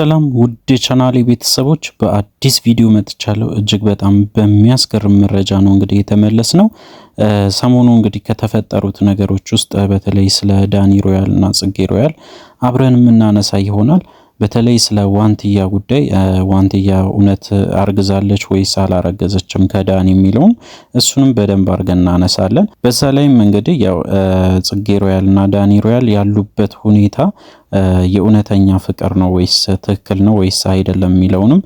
ሰላም ውድ የቻናሌ ቤተሰቦች በአዲስ ቪዲዮ መጥቻለሁ። እጅግ በጣም በሚያስገርም መረጃ ነው እንግዲህ የተመለስ ነው። ሰሞኑ እንግዲህ ከተፈጠሩት ነገሮች ውስጥ በተለይ ስለ ዳኒ ሮያል እና ጽጌ ሮያል አብረን የምናነሳ ይሆናል። በተለይ ስለ ዋንትያ ጉዳይ ዋንትያ እውነት አርግዛለች ወይስ አላረገዘችም ከዳን የሚለውን እሱንም በደንብ አድርገን እናነሳለን። በዛ ላይም እንግዲህ ያው ጽጌ ሮያል እና ዳኒ ሮያል ያሉበት ሁኔታ የእውነተኛ ፍቅር ነው ወይስ ትክክል ነው ወይስ አይደለም የሚለውንም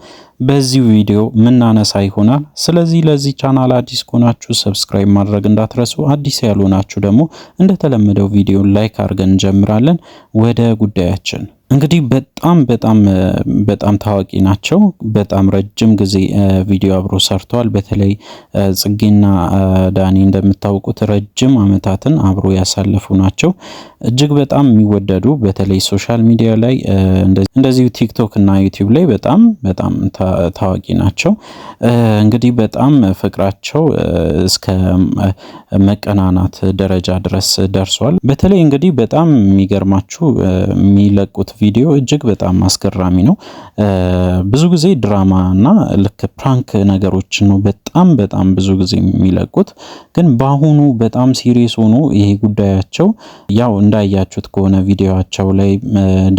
በዚህ ቪዲዮ ምናነሳ ይሆናል። ስለዚህ ለዚህ ቻናል አዲስ ከሆናችሁ ሰብስክራይብ ማድረግ እንዳትረሱ፣ አዲስ ያልሆናችሁ ደግሞ እንደተለመደው ቪዲዮን ላይክ አድርገን እንጀምራለን። ወደ ጉዳያችን እንግዲህ በጣም በጣም በጣም ታዋቂ ናቸው። በጣም ረጅም ጊዜ ቪዲዮ አብሮ ሰርተዋል። በተለይ ጽጌና ዳኒ እንደምታውቁት ረጅም ዓመታትን አብሮ ያሳለፉ ናቸው። እጅግ በጣም የሚወደዱ በተለይ ሶሻል ሚዲያ ላይ እንደዚሁ ቲክቶክ እና ዩቲዩብ ላይ በጣም በጣም ታዋቂ ናቸው። እንግዲህ በጣም ፍቅራቸው እስከ መቀናናት ደረጃ ድረስ ደርሷል። በተለይ እንግዲህ በጣም የሚገርማችሁ የሚለቁት ቪዲዮ እጅግ በጣም አስገራሚ ነው። ብዙ ጊዜ ድራማ እና ልክ ፕራንክ ነገሮችን ነው በጣም በጣም ብዙ ጊዜ የሚለቁት፣ ግን በአሁኑ በጣም ሲሪየስ ሆኖ ይሄ ጉዳያቸው ያው እንዳያችሁት ከሆነ ቪዲዮቸው ላይ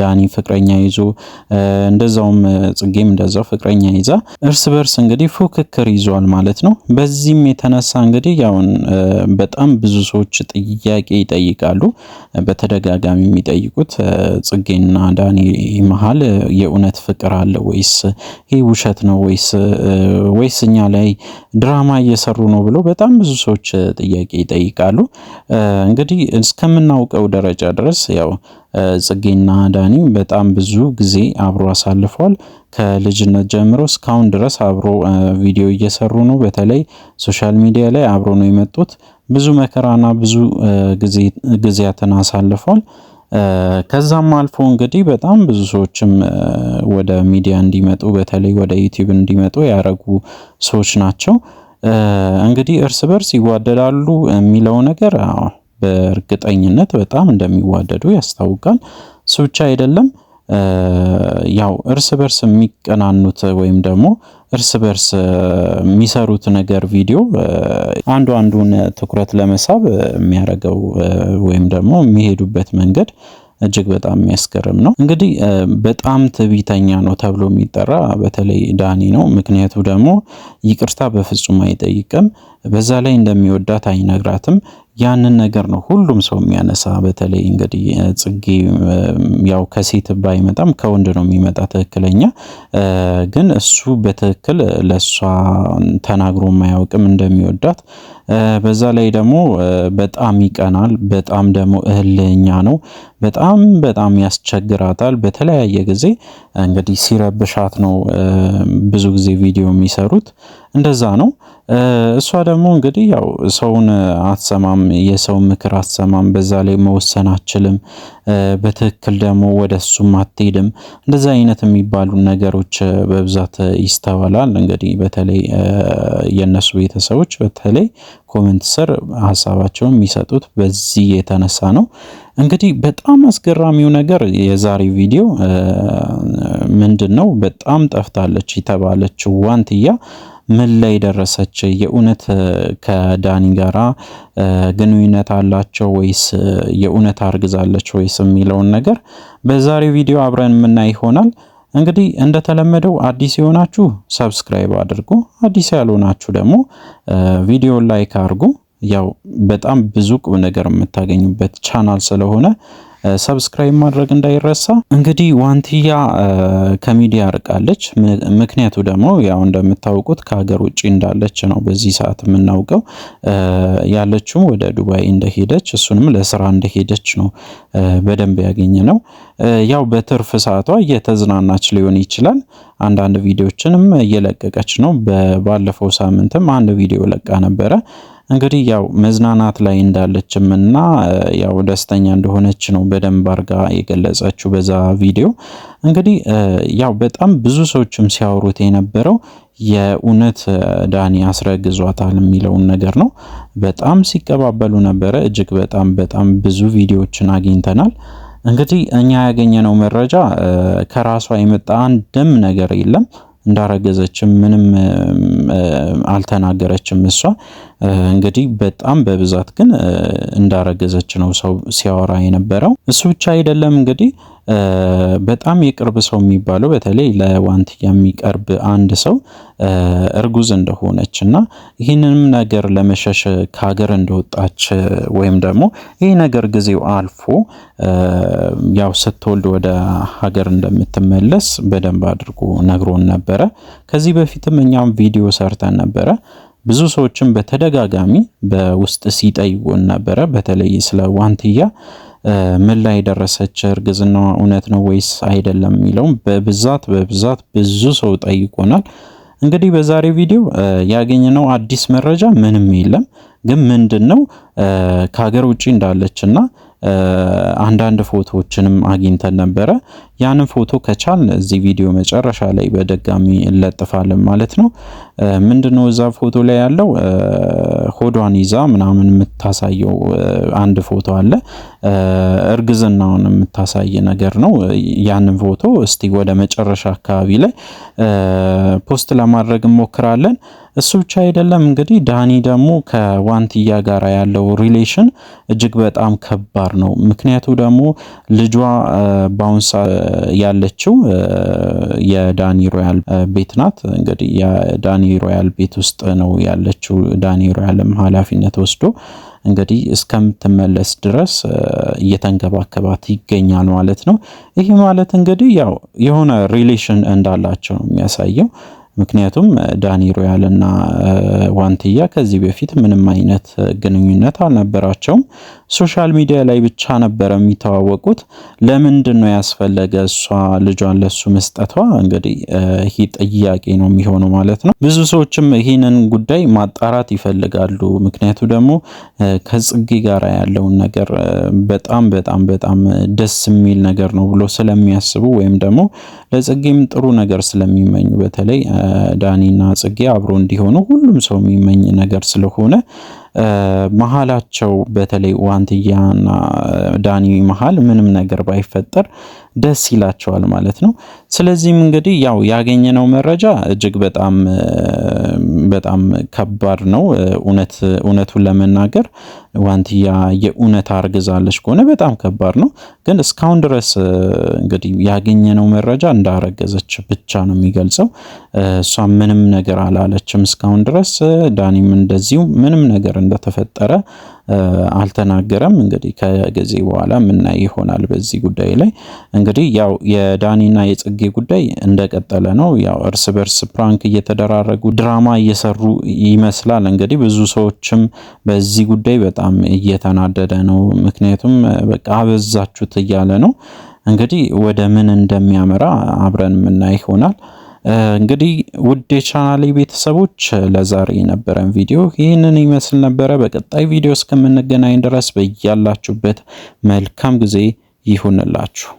ዳኒ ፍቅረኛ ይዞ እንደዛውም ጽጌም እንደዛው ፍቅረኛ ይዛ እርስ በርስ እንግዲህ ፉክክር ይዟል ማለት ነው። በዚህም የተነሳ እንግዲህ ያውን በጣም ብዙ ሰዎች ጥያቄ ይጠይቃሉ፣ በተደጋጋሚ የሚጠይቁት ጽጌና ዳኒ መሀል የእውነት ፍቅር አለ ወይስ ይህ ውሸት ነው ወይስ ወይስ እኛ ላይ ድራማ እየሰሩ ነው ብሎ በጣም ብዙ ሰዎች ጥያቄ ይጠይቃሉ። እንግዲህ እስከምናውቀው ደረጃ ድረስ ያው ጽጌና ዳኒ በጣም ብዙ ጊዜ አብሮ አሳልፏል። ከልጅነት ጀምሮ እስካሁን ድረስ አብሮ ቪዲዮ እየሰሩ ነው። በተለይ ሶሻል ሚዲያ ላይ አብሮ ነው የመጡት። ብዙ መከራና ብዙ ጊዜያትን አሳልፏል። ከዛም አልፎ እንግዲህ በጣም ብዙ ሰዎችም ወደ ሚዲያ እንዲመጡ በተለይ ወደ ዩቲዩብ እንዲመጡ ያደረጉ ሰዎች ናቸው። እንግዲህ እርስ በርስ ይዋደዳሉ የሚለው ነገር በእርግጠኝነት በጣም እንደሚዋደዱ ያስታውቃል። እሱ ብቻ አይደለም ያው እርስ በርስ የሚቀናኑት ወይም ደግሞ እርስ በርስ የሚሰሩት ነገር ቪዲዮ አንዱ አንዱን ትኩረት ለመሳብ የሚያደርገው ወይም ደግሞ የሚሄዱበት መንገድ እጅግ በጣም የሚያስገርም ነው። እንግዲህ በጣም ትዕቢተኛ ነው ተብሎ የሚጠራ በተለይ ዳኒ ነው። ምክንያቱ ደግሞ ይቅርታ በፍጹም አይጠይቅም። በዛ ላይ እንደሚወዳት አይነግራትም። ያንን ነገር ነው ሁሉም ሰው የሚያነሳ። በተለይ እንግዲህ ጽጌ ያው ከሴት ባይመጣም ከወንድ ነው የሚመጣ ትክክለኛ። ግን እሱ በትክክል ለእሷ ተናግሮ ማያውቅም እንደሚወዳት በዛ ላይ ደግሞ በጣም ይቀናል። በጣም ደግሞ እህልኛ ነው። በጣም በጣም ያስቸግራታል። በተለያየ ጊዜ እንግዲህ ሲረብሻት ነው ብዙ ጊዜ ቪዲዮ የሚሰሩት። እንደዛ ነው። እሷ ደግሞ እንግዲህ ያው ሰውን አትሰማም፣ የሰው ምክር አትሰማም። በዛ ላይ መወሰን አትችልም፣ በትክክል ደግሞ ወደ እሱም አትሄድም። እንደዚ አይነት የሚባሉ ነገሮች በብዛት ይስተዋላል። እንግዲህ በተለይ የእነሱ ቤተሰቦች በተለይ ኮመንት ስር ሀሳባቸውን የሚሰጡት በዚህ የተነሳ ነው። እንግዲህ በጣም አስገራሚው ነገር የዛሬ ቪዲዮ ምንድን ነው? በጣም ጠፍታለች የተባለችው ዋንትያ ምን ላይ ደረሰች? የእውነት ከዳኒ ጋራ ግንኙነት አላቸው ወይስ የእውነት አርግዛለች ወይስ የሚለውን ነገር በዛሬው ቪዲዮ አብረን የምናይ ይሆናል። እንግዲህ እንደተለመደው አዲስ የሆናችሁ ሰብስክራይብ አድርጉ፣ አዲስ ያልሆናችሁ ደግሞ ቪዲዮ ላይክ አድርጉ። ያው በጣም ብዙ ቁም ነገር የምታገኙበት ቻናል ስለሆነ ሰብስክራይብ ማድረግ እንዳይረሳ። እንግዲህ ዋንትያ ከሚዲያ ርቃለች። ምክንያቱ ደግሞ ያው እንደምታውቁት ከሀገር ውጭ እንዳለች ነው በዚህ ሰዓት የምናውቀው። ያለችውም ወደ ዱባይ እንደሄደች እሱንም ለስራ እንደሄደች ነው በደንብ ያገኘ ነው። ያው በትርፍ ሰዓቷ እየተዝናናች ሊሆን ይችላል። አንዳንድ ቪዲዮችንም እየለቀቀች ነው። ባለፈው ሳምንትም አንድ ቪዲዮ ለቃ ነበረ። እንግዲህ ያው መዝናናት ላይ እንዳለችም እና ያው ደስተኛ እንደሆነች ነው በደንብ አርጋ የገለጸችው በዛ ቪዲዮ። እንግዲህ ያው በጣም ብዙ ሰዎችም ሲያወሩት የነበረው የእውነት ዳኒ አስረግዟታል የሚለውን ነገር ነው። በጣም ሲቀባበሉ ነበረ። እጅግ በጣም በጣም ብዙ ቪዲዮዎችን አግኝተናል። እንግዲህ እኛ ያገኘነው መረጃ ከራሷ የመጣ አንድም ነገር የለም። እንዳረገዘችም ምንም አልተናገረችም። እሷ እንግዲህ በጣም በብዛት ግን እንዳረገዘች ነው ሰው ሲያወራ የነበረው። እሱ ብቻ አይደለም እንግዲህ በጣም የቅርብ ሰው የሚባለው በተለይ ለዋንት የሚቀርብ አንድ ሰው እርጉዝ እንደሆነች እና ይህንንም ነገር ለመሸሽ ከሀገር እንደወጣች ወይም ደግሞ ይህ ነገር ጊዜው አልፎ ያው ስትወልድ ወደ ሀገር እንደምትመለስ በደንብ አድርጎ ነግሮን ነበረ። ከዚህ በፊትም እኛም ቪዲዮ ሰርተን ነበረ። ብዙ ሰዎችም በተደጋጋሚ በውስጥ ሲጠይቁን ነበረ። በተለይ ስለ ዋንትያ ምን ላይ ደረሰች፣ እርግዝና እውነት ነው ወይስ አይደለም የሚለውም በብዛት በብዛት ብዙ ሰው ጠይቆናል። እንግዲህ በዛሬ ቪዲዮ ያገኘነው አዲስ መረጃ ምንም የለም። ግን ምንድን ነው ከሀገር ውጭ እንዳለች እና አንዳንድ ፎቶዎችንም አግኝተን ነበረ። ያንን ፎቶ ከቻል እዚህ ቪዲዮ መጨረሻ ላይ በደጋሚ እንለጥፋለን ማለት ነው። ምንድነው እዛ ፎቶ ላይ ያለው ሆዷን ይዛ ምናምን የምታሳየው አንድ ፎቶ አለ። እርግዝናውን የምታሳይ ነገር ነው። ያንን ፎቶ እስቲ ወደ መጨረሻ አካባቢ ላይ ፖስት ለማድረግ እንሞክራለን። እሱ ብቻ አይደለም እንግዲህ ዳኒ ደግሞ ከዋንትያ ጋር ያለው ሪሌሽን እጅግ በጣም ከባድ ነው። ምክንያቱ ደግሞ ልጇ በአሁን ሰዓት ያለችው የዳኒ ሮያል ቤት ናት። እንግዲህ የዳኒ ሮያል ቤት ውስጥ ነው ያለችው። ዳኒ ሮያልም ኃላፊነት ወስዶ እንግዲህ እስከምትመለስ ድረስ እየተንከባከባት ይገኛል ማለት ነው። ይህ ማለት እንግዲህ ያው የሆነ ሪሌሽን እንዳላቸው ነው የሚያሳየው። ምክንያቱም ዳኒ ሮያል እና ዋንትያ ከዚህ በፊት ምንም አይነት ግንኙነት አልነበራቸውም። ሶሻል ሚዲያ ላይ ብቻ ነበረ የሚተዋወቁት። ለምንድን ነው ያስፈለገ እሷ ልጇን ለሱ መስጠቷ? እንግዲህ ይህ ጥያቄ ነው የሚሆነው ማለት ነው። ብዙ ሰዎችም ይህንን ጉዳይ ማጣራት ይፈልጋሉ። ምክንያቱ ደግሞ ከጽጌ ጋር ያለውን ነገር በጣም በጣም በጣም ደስ የሚል ነገር ነው ብሎ ስለሚያስቡ ወይም ደግሞ ለጽጌም ጥሩ ነገር ስለሚመኙ በተለይ ዳኒና ጽጌ አብሮ እንዲሆኑ ሁሉም ሰው የሚመኝ ነገር ስለሆነ መሀላቸው በተለይ ዋንትያና ዳኒ መሀል ምንም ነገር ባይፈጠር ደስ ይላቸዋል ማለት ነው። ስለዚህም እንግዲህ ያው ያገኘነው መረጃ እጅግ በጣም በጣም ከባድ ነው። እውነት እውነቱን ለመናገር ዋንትያ የእውነት አርግዛለች ከሆነ በጣም ከባድ ነው። ግን እስካሁን ድረስ እንግዲህ ያገኘነው መረጃ እንዳረገዘች ብቻ ነው የሚገልጸው። እሷ ምንም ነገር አላለችም እስካሁን ድረስ ዳኒም እንደዚሁ ምንም ነገር እንደተፈጠረ አልተናገረም። እንግዲህ ከጊዜ በኋላ ምናይ ይሆናል በዚህ ጉዳይ ላይ እንግዲህ ያው የዳኒና የጽጌ ጉዳይ እንደቀጠለ ነው። ያው እርስ በርስ ፕራንክ እየተደራረጉ ድራማ እየሰሩ ይመስላል። እንግዲህ ብዙ ሰዎችም በዚህ ጉዳይ በጣም እየተናደደ ነው። ምክንያቱም በቃ አበዛችሁት እያለ ነው። እንግዲህ ወደ ምን እንደሚያመራ አብረን ምናይ ይሆናል። እንግዲህ ውድ የቻናሌ ቤተሰቦች ለዛሬ የነበረን ቪዲዮ ይህንን ይመስል ነበረ። በቀጣይ ቪዲዮ እስከምንገናኝ ድረስ በያላችሁበት መልካም ጊዜ ይሁንላችሁ።